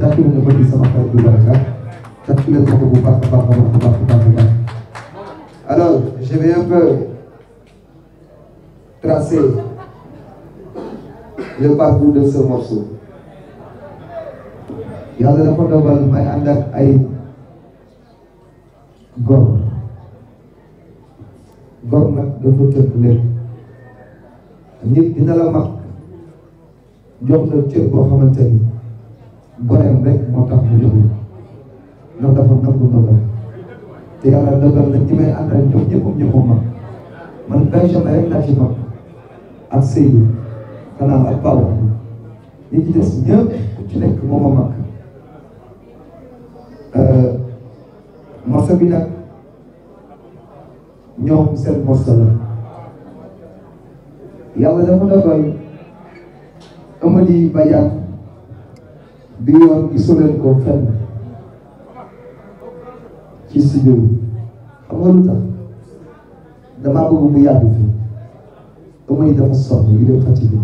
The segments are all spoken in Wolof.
jàppale na ma ci sama bu Baraka jàppale na ko bu baax a baax a baax a baax a baax alors je vais un peu tracer le parcours de ce morceau yàlla dafa dogal may ànd ay góor góor nag dafa tënk lépp nit dina la goreem rek moo tax mu jógul ndax dafa nangu ndogal te yàlla ndogal la ci may àndal ñoom ñëpp ñëpp mag man Benjamin rek laa ci mag ak Seydou xanaa ak Paw ñi ci des ñëpp ku ci nekk moo ma mag euh, morso bi nag ñoom seen morso la yàlla dafa dogal Amady Badiane bi yoon gisu leen ko fenn ci studio bi xam nga lu tax damaa bëgg mu yàgg fi amoy dafa sonn yu dem fatigué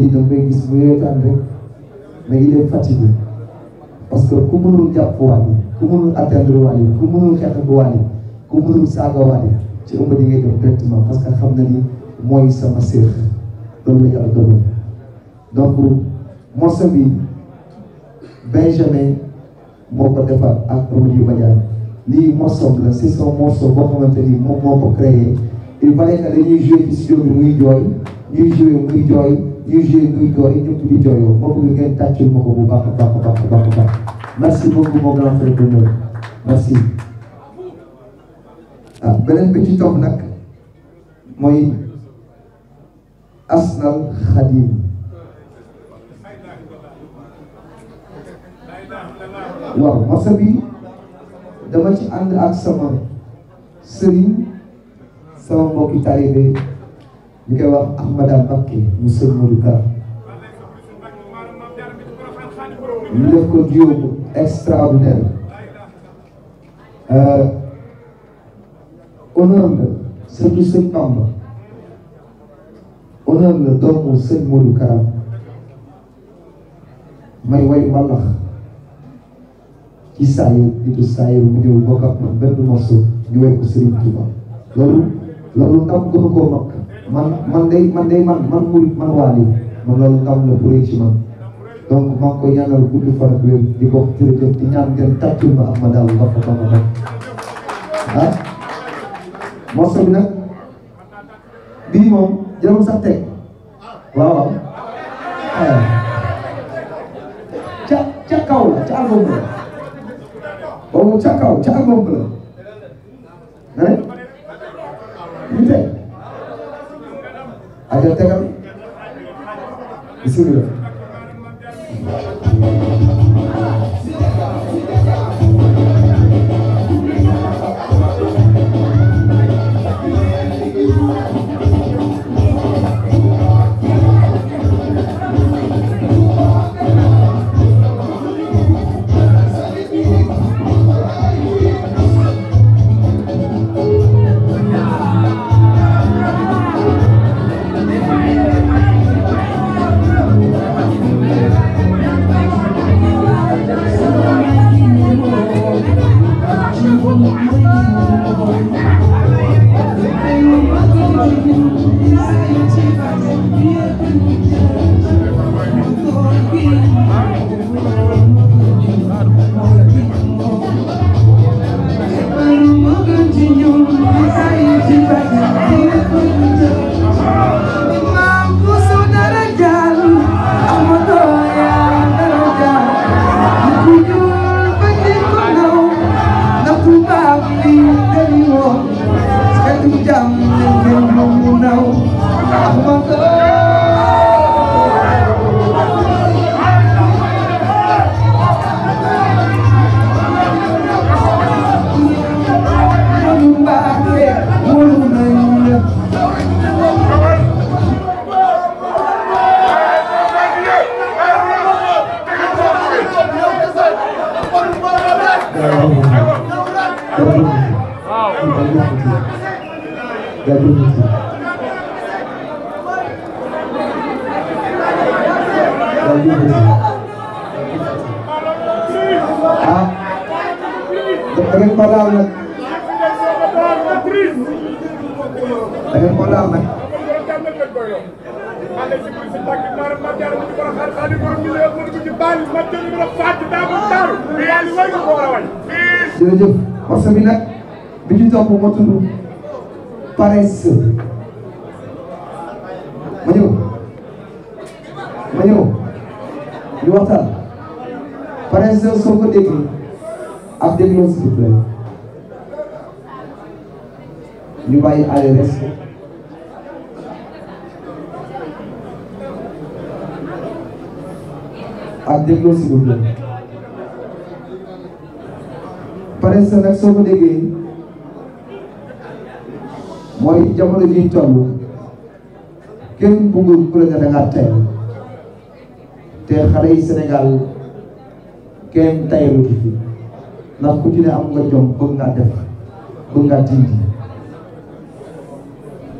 yi damay gis mu yeetaan rek mais il est fatigué parce que ku mënul jàpp wàlli ku mënul atteindre wàlli ku mënul xeex ak wàlli ku mënul saaga wàlli ci ëmb parce que xam na ni mooy sama séex loolu la yàlla dogal donc morceau bi Benjamin moo ko defar ak Rodio Badiane lii morceau la c'est son morceau boo xamante ni moom moo ko créé il paraît que dañuy joué ci studio bi muy jooy ñuy joué muy jooy ñuy joué muy jooy ñëpp di jooyoo ma bëgg ngeen tàccul ma ko bu baax a baax a baax a baax merci beaucoup mon grand frère Bruno merci. ah beneen bi ci topp nag mooy Asnal Khadim. waaw masa bi dama ci ànd ak sama sëriñ sama mbokki taalibe ñu koy wax Ahmada mu sëñ Modou Ka ñu def ko dióobu extraordinaire euh, honneur la surtout sëñ Bamba honneur la may way mbalax ci saayir ibdu saayir mu ñëw bokk ak man benn morceau ñu woy loolu loolu ndam gënu koo man man day man day man man murit man waali man loolu ndam la bu rëy man donc maa ngi koy ñaanal gudd di ko jërëjëf di ñaan ngeen tàccul ma ak ma daal ba fa ma dal ah morceau bi nag bii moom jërëm sax teg waaw waaw ah. ca ca kaw la ca album oo ca kaw ca agom la hein ñu teg ajal tegal bismillah jërëjëf parce que nag bi ci topp ma tudd paresseux ma ñëw ma ñëw ñu waxtaan paresseux soo ko déglu ak dégloo s'il vous plaît ñu bàyyi aller respect ak dégloo s'il vous plaît paresseux nag soo ko déggee mooy jamono ji toll kenn bëggul ku la ne da ngaa tey te xale kenn tayalu fi ndax ku ci am nga jom bëgg ngaa def bëgg ngaa tindi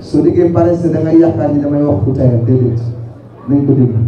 soo déggee pare da nga yaakaar ni damay wax ku tayal déedéet nañ ko déglu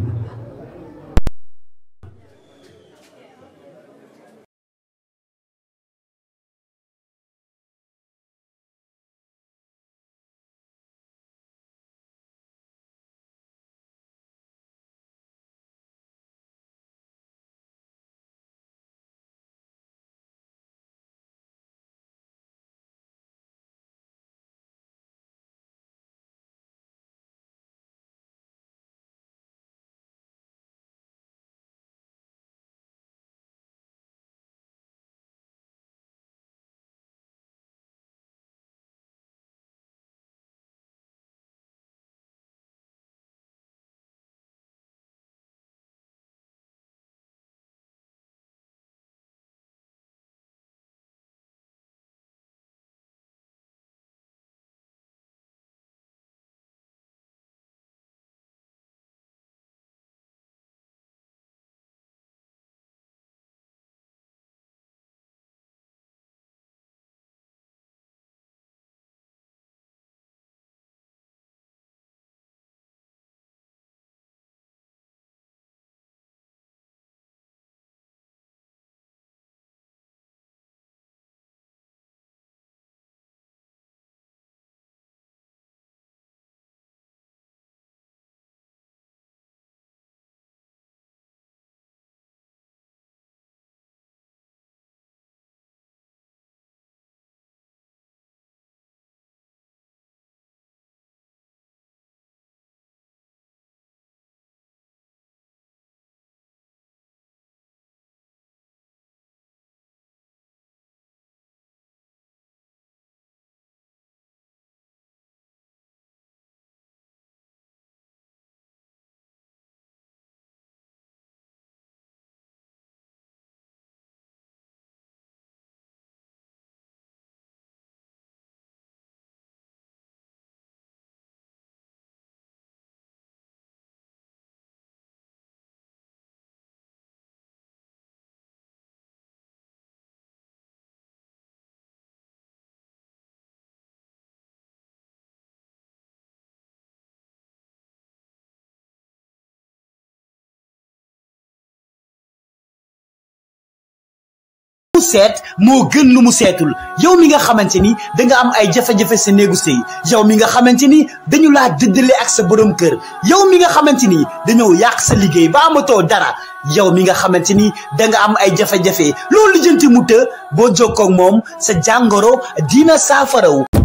seet moo gën lu mu seetul yow mi nga xamante ni da nga am ay jafe-jafe sa néegu sëy yow mi nga xamante ni dañu laa dëddale ak sa boroom kër yow mi nga xamante ni dañoo yàq sa liggéey ba amatoo dara yow mi nga xamante ni da am ay jafe-jafe loolu lijjanti mu të boo jokkoo moom sa jàngoro dina saafaraw